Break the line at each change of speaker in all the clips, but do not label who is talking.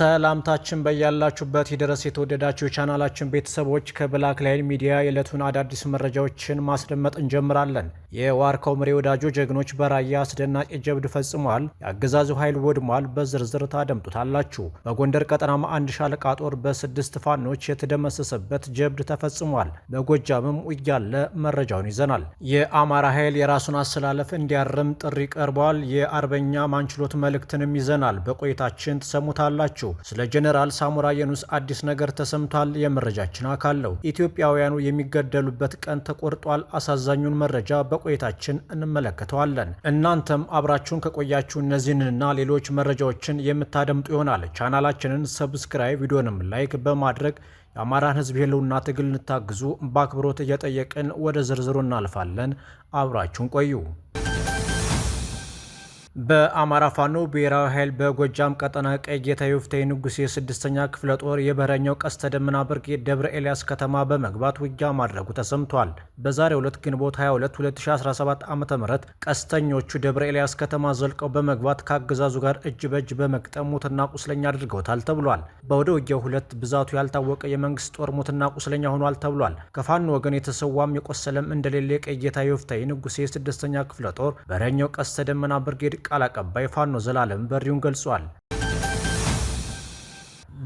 ሰላምታችን በያላችሁበት ይድረስ። የተወደዳችሁ የቻናላችን ቤተሰቦች ከብላክ ላይን ሚዲያ የዕለቱን አዳዲስ መረጃዎችን ማስደመጥ እንጀምራለን። የዋርካው ምሬ ወዳጆ ጀግኖች በራያ አስደናቂ ጀብድ ፈጽመዋል፣ የአገዛዙ ኃይል ወድሟል፣ በዝርዝር ታደምጡታላችሁ። በጎንደር ቀጠናም አንድ ሻለቃ ጦር በስድስት ፋኖች የተደመሰሰበት ጀብድ ተፈጽሟል። በጎጃምም ውያለ መረጃውን ይዘናል። የአማራ ኃይል የራሱን አሰላለፍ እንዲያርም ጥሪ ቀርቧል። የአርበኛ ማንችሎት መልእክትንም ይዘናል። በቆይታችን ትሰሙታላችሁ። ናቸው። ስለ ጀኔራል ሳሙራ የኑስ አዲስ ነገር ተሰምቷል። የመረጃችን አካል ነው። ኢትዮጵያውያኑ የሚገደሉበት ቀን ተቆርጧል። አሳዛኙን መረጃ በቆይታችን እንመለከተዋለን። እናንተም አብራችሁን ከቆያችሁ እነዚህንና ሌሎች መረጃዎችን የምታደምጡ ይሆናል። ቻናላችንን ሰብስክራይብ፣ ቪዲዮንም ላይክ በማድረግ የአማራን ሕዝብ የህልውና ትግል እንታግዙ በአክብሮት እየጠየቅን ወደ ዝርዝሩ እናልፋለን። አብራችሁን ቆዩ። በአማራ ፋኖ ብሔራዊ ኃይል በጎጃም ቀጠና ቀይጌታ ዮፍቴ ንጉሴ የስድስተኛ ክፍለ ጦር የበረኛው ቀስተ ደመና ብርጌድ ደብረ ኤልያስ ከተማ በመግባት ውጊያ ማድረጉ ተሰምቷል። በዛሬው ዕለት ግንቦት 22 2017 ዓ ም ቀስተኞቹ ደብረ ኤልያስ ከተማ ዘልቀው በመግባት ከአገዛዙ ጋር እጅ በእጅ በመግጠም ሞትና ቁስለኛ አድርገውታል ተብሏል። በወደ ውጊያው ሁለት ብዛቱ ያልታወቀ የመንግስት ጦር ሞትና ቁስለኛ ሆኗል ተብሏል። ከፋኖ ወገን የተሰዋም የቆሰለም እንደሌለ የቀይጌታ ዮፍቴ ንጉሴ የስድስተኛ ክፍለ ጦር በረኛው ቀስተ ደመና ብርጌድ ቃል አቀባይ ፋኖ ዘላለም በሪውን ገልጿል።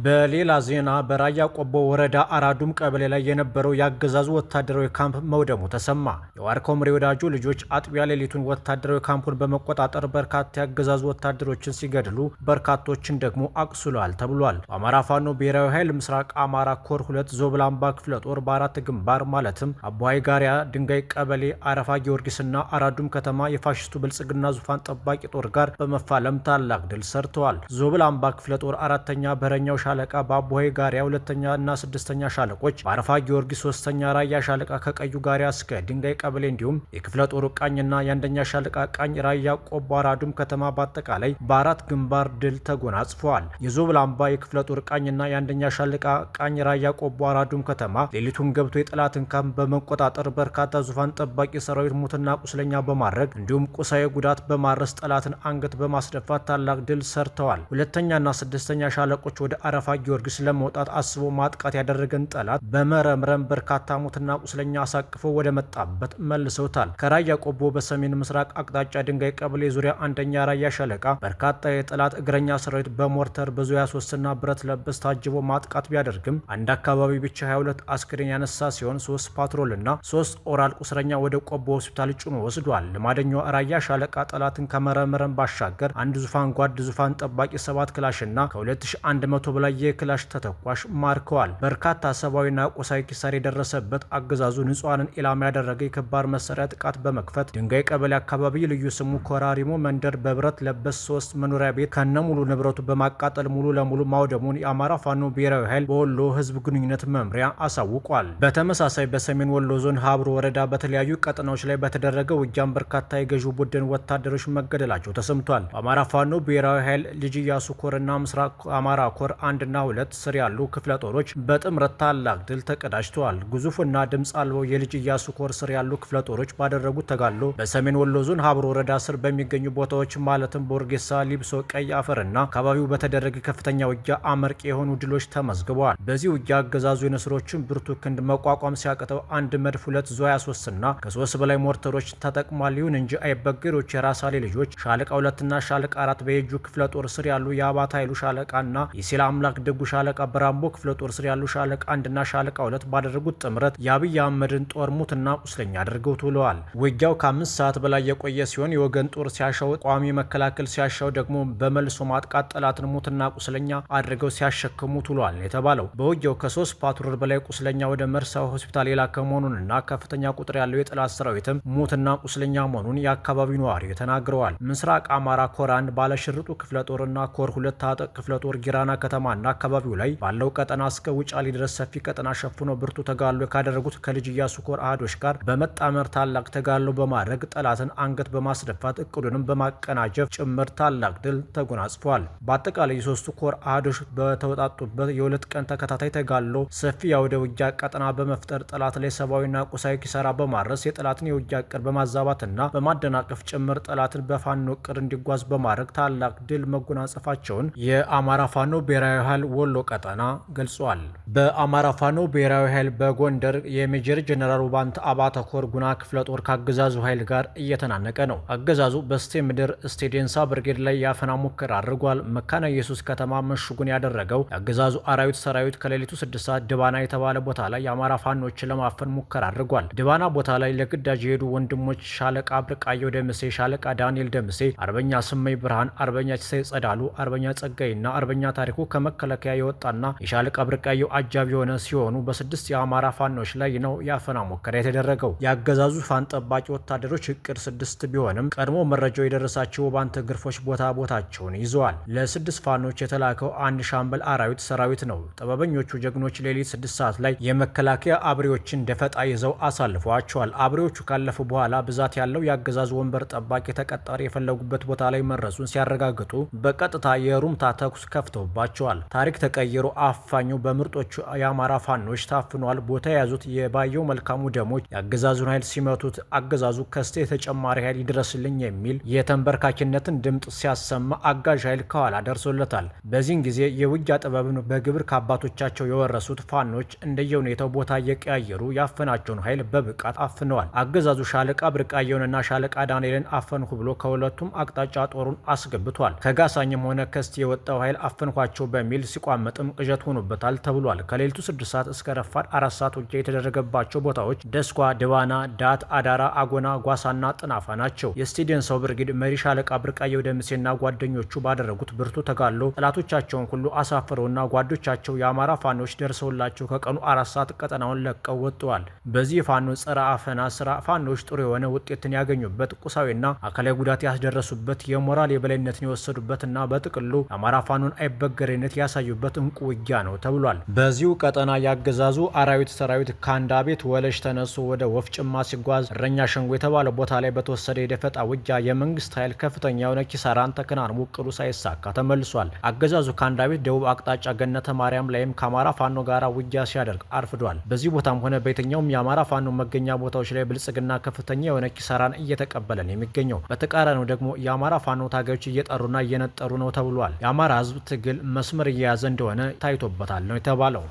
በሌላ ዜና በራያ ቆቦ ወረዳ አራዱም ቀበሌ ላይ የነበረው የአገዛዙ ወታደራዊ ካምፕ መውደሙ ተሰማ። የዋርካው ምሬ ወዳጆ ልጆች አጥቢያ ሌሊቱን ወታደራዊ ካምፑን በመቆጣጠር በርካታ የአገዛዙ ወታደሮችን ሲገድሉ በርካቶችን ደግሞ አቁስሏል ተብሏል። በአማራ ፋኖ ብሔራዊ ኃይል ምስራቅ አማራ ኮር ሁለት ዞብላምባ ክፍለ ጦር በአራት ግንባር ማለትም አቦሀይ ጋሪያ፣ ድንጋይ ቀበሌ፣ አረፋ ጊዮርጊስና አራዱም ከተማ የፋሽስቱ ብልጽግና ዙፋን ጠባቂ ጦር ጋር በመፋለም ታላቅ ድል ሰርተዋል። ዞብላምባ ክፍለ ጦር አራተኛ በረኛው ሻ ሻለቃ በአቦሀይ ጋሪያ ሁለተኛ እና ስድስተኛ ሻለቆች በአረፋ ጊዮርጊስ ሶስተኛ ራያ ሻለቃ ከቀዩ ጋሪያ እስከ ድንጋይ ቀበሌ እንዲሁም የክፍለ ጦሩ ቃኝና የአንደኛ ሻለቃ ቃኝ ራያ ቆቦ አራዱም ከተማ በአጠቃላይ በአራት ግንባር ድል ተጎናጽፈዋል። የዞብላምባ የክፍለ ጦር ቃኝና የአንደኛ ሻለቃ ቃኝ ራያ ቆቦ አራዱም ከተማ ሌሊቱን ገብቶ የጠላትን ካም በመቆጣጠር በርካታ ዙፋን ጠባቂ ሰራዊት ሙትና ቁስለኛ በማድረግ እንዲሁም ቁሳዊ ጉዳት በማድረስ ጠላትን አንገት በማስደፋት ታላቅ ድል ሰርተዋል። ሁለተኛና ስድስተኛ ሻለቆች ወደ አረፋ ከፋ ጊዮርጊስ ለመውጣት አስቦ ማጥቃት ያደረገን ጠላት በመረምረም በርካታ ሞትና ቁስለኛ አሳቅፎ ወደ መጣበት መልሰውታል። ከራያ ቆቦ በሰሜን ምስራቅ አቅጣጫ ድንጋይ ቀበሌ ዙሪያ አንደኛ ራያ ሸለቃ በርካታ የጠላት እግረኛ ሰራዊት በሞርተር በዙያ ሶስትና ብረት ለበስ ታጅቦ ማጥቃት ቢያደርግም አንድ አካባቢ ብቻ 22 አስክሬን ያነሳ ሲሆን ሶስት ፓትሮል እና ሶስት ኦራል ቁስለኛ ወደ ቆቦ ሆስፒታል ጭኖ ወስዷል። ልማደኛው ራያ ሻለቃ ጠላትን ከመረምረም ባሻገር አንድ ዙፋን ጓድ ዙፋን ጠባቂ ሰባት ክላሽና ከ2100 በላይ የክላሽ ተተኳሽ ማርከዋል። በርካታ ሰብአዊና ቁሳዊ ኪሳራ የደረሰበት አገዛዙ ንጹሐንን ኢላማ ያደረገ የከባድ መሳሪያ ጥቃት በመክፈት ድንጋይ ቀበሌ አካባቢ ልዩ ስሙ ኮራሪሞ መንደር በብረት ለበስ ሶስት መኖሪያ ቤት ከነ ሙሉ ንብረቱ በማቃጠል ሙሉ ለሙሉ ማውደሙን የአማራ ፋኖ ብሔራዊ ኃይል በወሎ ህዝብ ግንኙነት መምሪያ አሳውቋል። በተመሳሳይ በሰሜን ወሎ ዞን ሀብሮ ወረዳ በተለያዩ ቀጠናዎች ላይ በተደረገ ውጊያም በርካታ የገዢው ቡድን ወታደሮች መገደላቸው ተሰምቷል። በአማራ ፋኖ ብሔራዊ ኃይል ልጅ ኢያሱ ኮርና ምስራቅ አማራ ኮር አንድና ሁለት ስር ያሉ ክፍለ ጦሮች በጥምረት ታላቅ ድል ተቀዳጅተዋል። ግዙፍና ድምፅ አልበው የልጅ እያሱ ኮር ስር ያሉ ክፍለ ጦሮች ባደረጉት ተጋድሎ በሰሜን ወሎ ዞን ሀብሮ ወረዳ ስር በሚገኙ ቦታዎች ማለትም ቦርጌሳ፣ ሊብሶ፣ ቀይ አፈርና አካባቢው በተደረገ ከፍተኛ ውጊያ አመርቂ የሆኑ ድሎች ተመዝግበዋል። በዚህ ውጊያ አገዛዙ የንስሮችን ብርቱ ክንድ መቋቋም ሲያቅተው አንድ መድፍ ሁለት ዙ 23ና ከሶስት በላይ ሞርተሮች ተጠቅሟል። ይሁን እንጂ አይበገሮች የራሳሌ ልጆች ሻለቃ ሁለትና ሻለቃ አራት በየጁ ክፍለ ጦር ስር ያሉ የአባት ኃይሉ ሻለቃና የሴላ አምላክ ደጉ ሻለቃ በራምቦ ክፍለ ጦር ስር ያሉ ሻለቃ አንድና ሻለቃ ሁለት ባደረጉት ጥምረት የአብይ አህመድን ጦር ሙትና ቁስለኛ አድርገው ትውለዋል። ውጊያው ከአምስት ሰዓት በላይ የቆየ ሲሆን የወገን ጦር ሲያሻው ቋሚ መከላከል ሲያሻው ደግሞ በመልሶ ማጥቃት ጠላትን ሙትና ቁስለኛ አድርገው ሲያሸክሙ ውለዋል የተባለው በውጊያው ከሶስት ፓትሮል በላይ ቁስለኛ ወደ መርሳ ሆስፒታል የላከ እና ከፍተኛ ቁጥር ያለው የጠላት ሰራዊትም ሙትና ቁስለኛ መሆኑን የአካባቢው ነዋሪ ተናግረዋል። ምስራቅ አማራ ኮር አንድ ባለሽርጡ ክፍለ ጦርና ኮር ሁለት ታጠቅ ክፍለ ጦር ጊራና ከተማ እና አካባቢው ላይ ባለው ቀጠና እስከ ውጫሌ ድረስ ሰፊ ቀጠና ሸፍኖ ብርቱ ተጋሎ ካደረጉት ከልጅ እያሱ ኮር አህዶች ጋር በመጣመር ታላቅ ተጋሎ በማድረግ ጠላትን አንገት በማስደፋት እቅዱንም በማቀናጀብ ጭምር ታላቅ ድል ተጎናጽፏል። በአጠቃላይ የሶስቱ ኮር አህዶች በተወጣጡበት የሁለት ቀን ተከታታይ ተጋሎ ሰፊ የአውደ ውጊያ ቀጠና በመፍጠር ጠላት ላይ ሰብአዊና ቁሳዊ ኪሳራ በማድረስ የጠላትን የውጊያ እቅድ በማዛባትና በማደናቀፍ ጭምር ጠላትን በፋኖ እቅድ እንዲጓዝ በማድረግ ታላቅ ድል መጎናጸፋቸውን የአማራ ፋኖ ብሔራዊ ያህል ወሎ ቀጠና ገልጿል። በአማራ ፋኖ ብሔራዊ ኃይል በጎንደር የሜጀር ጀነራል ውባንት አባተ ኮር ጉና ክፍለ ጦር ከአገዛዙ ኃይል ጋር እየተናነቀ ነው። አገዛዙ በስቴ ምድር ስቴዴንሳ ብርጌድ ላይ ያፈና ሙከራ አድርጓል። መካነ ኢየሱስ ከተማ መሽጉን ያደረገው የአገዛዙ አራዊት ሰራዊት ከሌሊቱ ስድስት ሰዓት ድባና የተባለ ቦታ ላይ የአማራ ፋኖችን ለማፈን ሙከራ አድርጓል። ድባና ቦታ ላይ ለግዳጅ የሄዱ ወንድሞች ሻለቃ ብርቃየው ደምሴ፣ ሻለቃ ዳንኤል ደምሴ፣ አርበኛ ስመኝ ብርሃን፣ አርበኛ ሴ ጸዳሉ፣ አርበኛ ጸጋይና አርበኛ ታሪኩ ከመ መከላከያ የወጣና የሻለቃ ብርቃየው አጃቢ የሆነ ሲሆኑ በስድስት የአማራ ፋኖች ላይ ነው የአፈና ሙከራ የተደረገው። የአገዛዙ ፋን ጠባቂ ወታደሮች እቅድ ስድስት ቢሆንም ቀድሞ መረጃው የደረሳቸው ባንተ ግርፎች ቦታ ቦታቸውን ይዘዋል። ለስድስት ፋኖች የተላከው አንድ ሻምበል አራዊት ሰራዊት ነው። ጥበበኞቹ ጀግኖች ሌሊት ስድስት ሰዓት ላይ የመከላከያ አብሬዎችን ደፈጣ ይዘው አሳልፏቸዋል። አብሬዎቹ ካለፉ በኋላ ብዛት ያለው የአገዛዙ ወንበር ጠባቂ ተቀጣሪ የፈለጉበት ቦታ ላይ መረሱን ሲያረጋግጡ በቀጥታ የሩምታ ተኩስ ከፍተውባቸዋል። ታሪክ ተቀይሮ አፋኙ በምርጦቹ የአማራ ፋኖች ታፍኗል። ቦታ የያዙት የባየው መልካሙ ደሞች የአገዛዙን ኃይል ሲመቱት አገዛዙ ከስተ የተጨማሪ ኃይል ይድረስልኝ የሚል የተንበርካኪነትን ድምፅ ሲያሰማ አጋዥ ኃይል ከኋላ ደርሶለታል። በዚህን ጊዜ የውጊያ ጥበብን በግብር ከአባቶቻቸው የወረሱት ፋኖች እንደየሁኔታው ቦታ እየቀያየሩ ያፈናቸውን ኃይል በብቃት አፍነዋል። አገዛዙ ሻለቃ ብርቃየውንና ሻለቃ ዳንኤልን አፈንኩ ብሎ ከሁለቱም አቅጣጫ ጦሩን አስገብቷል። ከጋሳኝም ሆነ ከስት የወጣው ኃይል አፈንኳቸው በሚል በርሜል ሲቋመጥም እዠት ሆኖበታል ተብሏል። ከሌሊቱ 6 ሰዓት እስከ ረፋድ አራት ሰዓት ውጊያ የተደረገባቸው ቦታዎች ደስኳ፣ ድባና፣ ዳት፣ አዳራ፣ አጎና፣ ጓሳና ጥናፋ ናቸው። የስቴዲየን ሰው ብርጌድ መሪ ሻለቃ ብርቃየው ደምሴና ጓደኞቹ ባደረጉት ብርቱ ተጋድሎ ጠላቶቻቸውን ሁሉ አሳፍረውና ጓዶቻቸው የአማራ ፋኖች ደርሰውላቸው ከቀኑ አራት ሰዓት ቀጠናውን ለቀው ወጥተዋል። በዚህ የፋኖ ጸረ አፈና ስራ ፋኖች ጥሩ የሆነ ውጤትን ያገኙበት ቁሳዊና አካላዊ ጉዳት ያስደረሱበት የሞራል የበላይነትን የወሰዱበትና በጥቅሉ የአማራ ፋኖን አይበገሬነት ያሳዩበት እንቁ ውጊያ ነው ተብሏል። በዚሁ ቀጠና ያገዛዙ አራዊት ሰራዊት ካንዳ ቤት ወለሽ ተነሶ ወደ ወፍጭማ ሲጓዝ እረኛ ሸንጎ የተባለ ቦታ ላይ በተወሰደ የደፈጣ ውጊያ የመንግስት ኃይል ከፍተኛ የሆነ ኪሳራን ተከናንሞ እቅዱ ሳይሳካ ተመልሷል። አገዛዙ ከአንዳ ቤት ደቡብ አቅጣጫ ገነተ ማርያም ላይም ከአማራ ፋኖ ጋራ ውጊያ ሲያደርግ አርፍዷል። በዚህ ቦታም ሆነ በየትኛውም የአማራ ፋኖ መገኛ ቦታዎች ላይ ብልጽግና ከፍተኛ የሆነ ኪሳራን እየተቀበለን የሚገኘው። በተቃራኒው ደግሞ የአማራ ፋኖ ታጋዮች እየጠሩና እየነጠሩ ነው ተብሏል። የአማራ ህዝብ ትግል መስመር ጭምር እየያዘ እንደሆነ ታይቶበታል ነው የተባለው።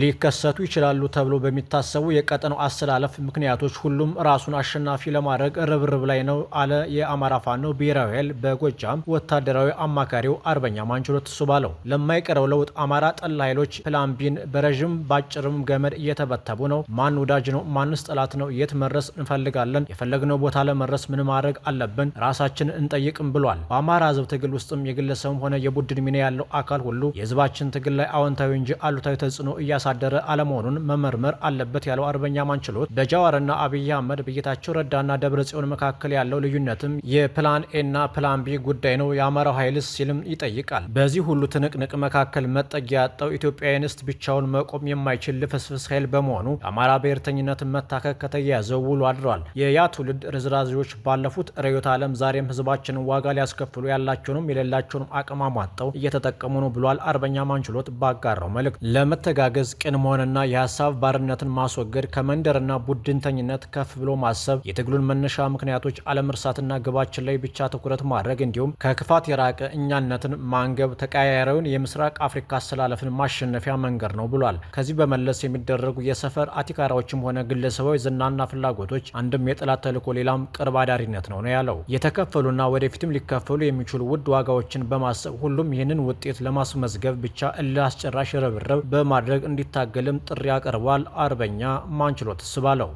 ሊከሰቱ ይችላሉ ተብሎ በሚታሰቡ የቀጠናው አሰላለፍ ምክንያቶች ሁሉም ራሱን አሸናፊ ለማድረግ ርብርብ ላይ ነው አለ የአማራ ፋኖ ብሔራዊ ኃይል በጎጃም ወታደራዊ አማካሪው አርበኛ ማንችሎት እሱ ባለው። ለማይቀረው ለውጥ አማራ ጠላ ኃይሎች ፕላን ቢን በረዥም ባጭርም ገመድ እየተበተቡ ነው። ማን ወዳጅ ነው? ማንስ ጠላት ነው? የት መድረስ እንፈልጋለን? የፈለግነው ቦታ ለመድረስ ምን ማድረግ አለብን? ራሳችን እንጠይቅም ብሏል። በአማራ ህዝብ ትግል ውስጥም የግለሰብም ሆነ የቡድን ሚና ያለው አካል ሁሉ የህዝባችን ትግል ላይ አዎንታዊ እንጂ አሉታዊ ተጽዕኖ እያ እያሳደረ አለመሆኑን መመርመር አለበት ያለው አርበኛ ማንችሎት በጃዋርና አብይ አህመድ በጌታቸው ረዳና ደብረ ጽዮን መካከል ያለው ልዩነትም የፕላን ኤና ፕላን ቢ ጉዳይ ነው የአማራው ኃይልስ ሲልም ይጠይቃል። በዚህ ሁሉ ትንቅንቅ መካከል መጠጊያ ያጣው ኢትዮጵያዊንስት ብቻውን መቆም የማይችል ልፍስፍስ ኃይል በመሆኑ የአማራ ብሔርተኝነትን መታከክ ከተያያዘው ውሎ አድሯል። የያ ትውልድ ርዝራዜዎች ባለፉት ርዕዮተ ዓለም ዛሬም ህዝባችንን ዋጋ ሊያስከፍሉ ያላቸውንም የሌላቸውንም አቅም አሟጠው እየተጠቀሙ ነው ብሏል አርበኛ ማንችሎት ባጋራው መልእክት ለመተጋገዝ መንግስት ቅን መሆንና የሀሳብ ባርነትን ማስወገድ ከመንደርና ቡድንተኝነት ከፍ ብሎ ማሰብ የትግሉን መነሻ ምክንያቶች አለመርሳትና ግባችን ላይ ብቻ ትኩረት ማድረግ እንዲሁም ከክፋት የራቀ እኛነትን ማንገብ ተቀያያሪውን የምስራቅ አፍሪካ አስተላለፍን ማሸነፊያ መንገድ ነው ብሏል። ከዚህ በመለስ የሚደረጉ የሰፈር አቲካራዎችም ሆነ ግለሰባዊ ዝናና ፍላጎቶች አንድም የጠላት ተልዕኮ፣ ሌላም ቅርብ አዳሪነት ነው ነው ያለው። የተከፈሉና ወደፊትም ሊከፈሉ የሚችሉ ውድ ዋጋዎችን በማሰብ ሁሉም ይህንን ውጤት ለማስመዝገብ ብቻ እልህ አስጨራሽ ርብርብ በማድረግ እንዲ እንዲታገልም ጥሪ አቅርቧል። አርበኛ ማንችሎት ስባለው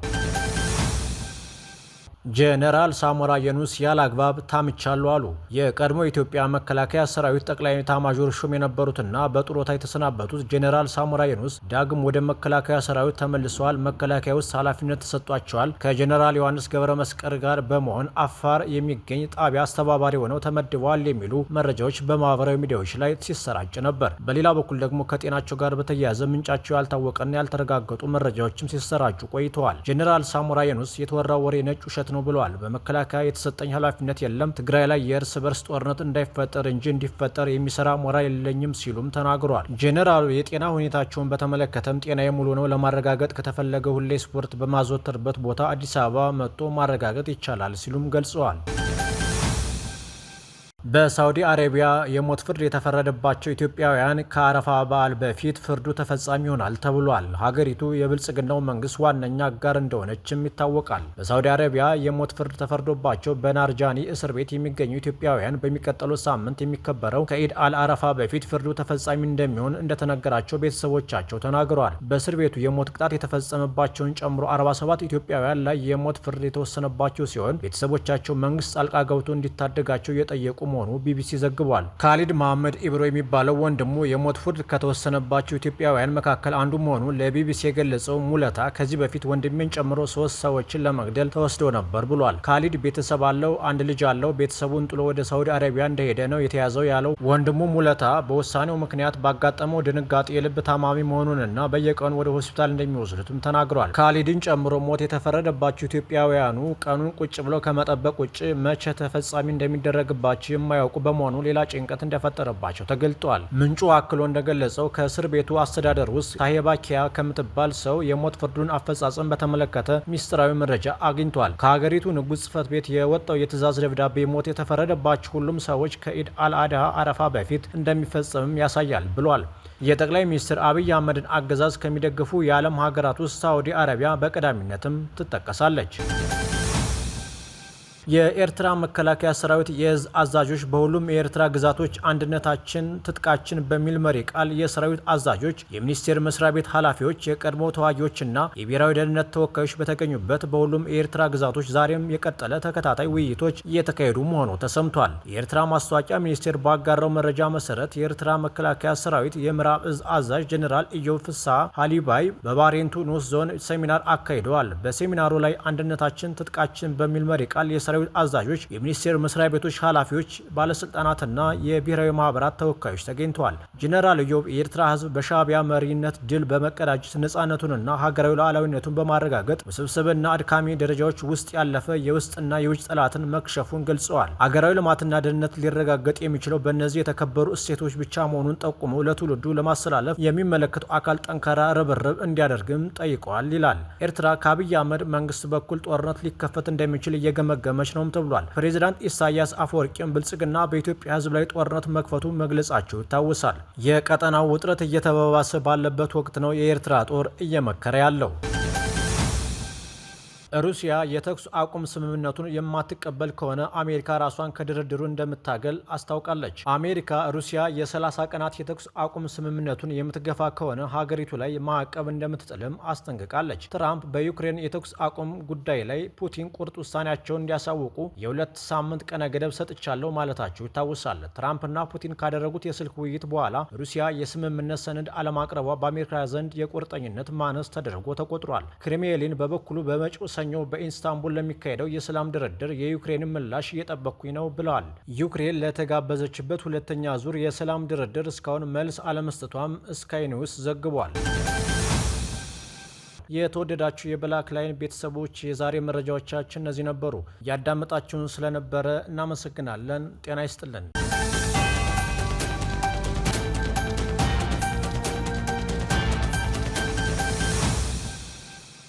ጄኔራል ሳሞራ የኑስ ያለ አግባብ ታምቻለሁ አሉ። የቀድሞ የኢትዮጵያ መከላከያ ሰራዊት ጠቅላይ ኤታማዦር ሹም የነበሩትና በጡረታ የተሰናበቱት ጄኔራል ሳሞራ የኑስ ዳግም ወደ መከላከያ ሰራዊት ተመልሰዋል። መከላከያ ውስጥ ኃላፊነት ተሰጧቸዋል። ከጄኔራል ዮሐንስ ገብረ መስቀል ጋር በመሆን አፋር የሚገኝ ጣቢያ አስተባባሪ ሆነው ተመድበዋል የሚሉ መረጃዎች በማህበራዊ ሚዲያዎች ላይ ሲሰራጭ ነበር። በሌላ በኩል ደግሞ ከጤናቸው ጋር በተያያዘ ምንጫቸው ያልታወቀና ያልተረጋገጡ መረጃዎችም ሲሰራጩ ቆይተዋል። ጄኔራል ሳሞራ የኑስ የተወራ ወሬ ነጭ ውሸት ነው ነው ብለዋል። በመከላከያ የተሰጠኝ ኃላፊነት የለም፣ ትግራይ ላይ የእርስ በርስ ጦርነት እንዳይፈጠር እንጂ እንዲፈጠር የሚሰራ ሞራል የለኝም ሲሉም ተናግሯል። ጄኔራሉ የጤና ሁኔታቸውን በተመለከተም ጤና የሙሉ ነው፣ ለማረጋገጥ ከተፈለገ ሁሌ ስፖርት በማዘወተርበት ቦታ አዲስ አበባ መጥቶ ማረጋገጥ ይቻላል ሲሉም ገልጸዋል። በሳውዲ አረቢያ የሞት ፍርድ የተፈረደባቸው ኢትዮጵያውያን ከአረፋ በዓል በፊት ፍርዱ ተፈጻሚ ይሆናል ተብሏል። ሀገሪቱ የብልጽግናው መንግስት ዋነኛ አጋር እንደሆነችም ይታወቃል። በሳውዲ አረቢያ የሞት ፍርድ ተፈርዶባቸው በናርጃኒ እስር ቤት የሚገኙ ኢትዮጵያውያን በሚቀጥሉት ሳምንት የሚከበረው ከኢድ አል አረፋ በፊት ፍርዱ ተፈጻሚ እንደሚሆን እንደተነገራቸው ቤተሰቦቻቸው ተናግረዋል። በእስር ቤቱ የሞት ቅጣት የተፈጸመባቸውን ጨምሮ 47 ኢትዮጵያውያን ላይ የሞት ፍርድ የተወሰነባቸው ሲሆን ቤተሰቦቻቸው መንግስት ጣልቃ ገብቶ እንዲታደጋቸው የጠየቁ መሆኑ ቢቢሲ ዘግቧል። ካሊድ መሐመድ ኢብሮ የሚባለው ወንድሙ የሞት ፍርድ ከተወሰነባቸው ኢትዮጵያውያን መካከል አንዱ መሆኑን ለቢቢሲ የገለጸው ሙለታ ከዚህ በፊት ወንድሜን ጨምሮ ሶስት ሰዎችን ለመግደል ተወስዶ ነበር ብሏል። ካሊድ ቤተሰብ አለው፣ አንድ ልጅ አለው። ቤተሰቡን ጥሎ ወደ ሳውዲ አረቢያ እንደሄደ ነው የተያዘው ያለው ወንድሙ ሙለታ በውሳኔው ምክንያት ባጋጠመው ድንጋጤ የልብ ታማሚ መሆኑንና በየቀኑ ወደ ሆስፒታል እንደሚወስዱትም ተናግሯል። ካሊድን ጨምሮ ሞት የተፈረደባቸው ኢትዮጵያውያኑ ቀኑን ቁጭ ብለው ከመጠበቅ ውጭ መቼ ተፈጻሚ እንደሚደረግባቸው የማያውቁ በመሆኑ ሌላ ጭንቀት እንደፈጠረባቸው ተገልጧል። ምንጩ አክሎ እንደገለጸው ከእስር ቤቱ አስተዳደር ውስጥ ታሄባኪያ ከምትባል ሰው የሞት ፍርዱን አፈጻጸም በተመለከተ ሚስጥራዊ መረጃ አግኝቷል። ከሀገሪቱ ንጉሥ ጽህፈት ቤት የወጣው የትእዛዝ ደብዳቤ ሞት የተፈረደባቸው ሁሉም ሰዎች ከኢድ አልአድሃ አረፋ በፊት እንደሚፈጸምም ያሳያል ብሏል። የጠቅላይ ሚኒስትር አብይ አህመድን አገዛዝ ከሚደግፉ የዓለም ሀገራት ውስጥ ሳዑዲ አረቢያ በቀዳሚነትም ትጠቀሳለች። የኤርትራ መከላከያ ሰራዊት የእዝ አዛዦች በሁሉም የኤርትራ ግዛቶች አንድነታችን ትጥቃችን በሚል መሪ ቃል የሰራዊት አዛዦች፣ የሚኒስቴር መስሪያ ቤት ኃላፊዎች፣ የቀድሞ ተዋጊዎችና የብሔራዊ ደህንነት ተወካዮች በተገኙበት በሁሉም የኤርትራ ግዛቶች ዛሬም የቀጠለ ተከታታይ ውይይቶች እየተካሄዱ መሆኑ ተሰምቷል። የኤርትራ ማስታወቂያ ሚኒስቴር ባጋራው መረጃ መሰረት የኤርትራ መከላከያ ሰራዊት የምዕራብ እዝ አዛዥ ጀኔራል ኢዮብ ፍስሐ ሀሊባይ በባሬንቱ ንዑስ ዞን ሴሚናር አካሂደዋል። በሴሚናሩ ላይ አንድነታችን ትጥቃችን በሚል መሪ ቃል የሰራዊት የሰራዊት አዛዦች፣ የሚኒስቴር መስሪያ ቤቶች ኃላፊዎች፣ ባለስልጣናትና የብሔራዊ ማህበራት ተወካዮች ተገኝተዋል። ጀነራል ኢዮብ የኤርትራ ህዝብ በሻቢያ መሪነት ድል በመቀዳጀት ነፃነቱንና ሀገራዊ ሉዓላዊነቱን በማረጋገጥ ውስብስብና አድካሚ ደረጃዎች ውስጥ ያለፈ የውስጥና የውጭ ጠላትን መክሸፉን ገልጸዋል። ሀገራዊ ልማትና ደህንነት ሊረጋገጥ የሚችለው በእነዚህ የተከበሩ እሴቶች ብቻ መሆኑን ጠቁመው ለትውልዱ ለማስተላለፍ የሚመለከተው አካል ጠንካራ ርብርብ እንዲያደርግም ጠይቀዋል ይላል። ኤርትራ ከአብይ አህመድ መንግስት በኩል ጦርነት ሊከፈት እንደሚችል እየገመገመ እየፈጸመች ነውም ተብሏል። ፕሬዚዳንት ኢሳያስ አፈወርቂም ብልጽግና በኢትዮጵያ ህዝብ ላይ ጦርነት መክፈቱ መግለጻቸው ይታወሳል። የቀጠናው ውጥረት እየተባባሰ ባለበት ወቅት ነው የኤርትራ ጦር እየመከረ ያለው። ሩሲያ የተኩስ አቁም ስምምነቱን የማትቀበል ከሆነ አሜሪካ ራሷን ከድርድሩ እንደምታገል አስታውቃለች። አሜሪካ ሩሲያ የ30 ቀናት የተኩስ አቁም ስምምነቱን የምትገፋ ከሆነ ሀገሪቱ ላይ ማዕቀብ እንደምትጥልም አስጠንቅቃለች። ትራምፕ በዩክሬን የተኩስ አቁም ጉዳይ ላይ ፑቲን ቁርጥ ውሳኔያቸውን እንዲያሳውቁ የሁለት ሳምንት ቀነ ገደብ ሰጥቻለሁ ማለታቸው ይታወሳል። ትራምፕና ፑቲን ካደረጉት የስልክ ውይይት በኋላ ሩሲያ የስምምነት ሰነድ አለማቅረቧ በአሜሪካ ዘንድ የቁርጠኝነት ማነስ ተደርጎ ተቆጥሯል። ክሬምሊን በበኩሉ በመጪው ሰኞ በኢስታንቡል ለሚካሄደው የሰላም ድርድር የዩክሬንን ምላሽ እየጠበቅኩኝ ነው ብለዋል። ዩክሬን ለተጋበዘችበት ሁለተኛ ዙር የሰላም ድርድር እስካሁን መልስ አለመስጠቷም ስካይ ኒውስ ዘግቧል። የተወደዳችሁ የብላክ ላይን ቤተሰቦች የዛሬ መረጃዎቻችን እነዚህ ነበሩ። ያዳመጣችሁን ስለነበረ እናመሰግናለን። ጤና ይስጥልን።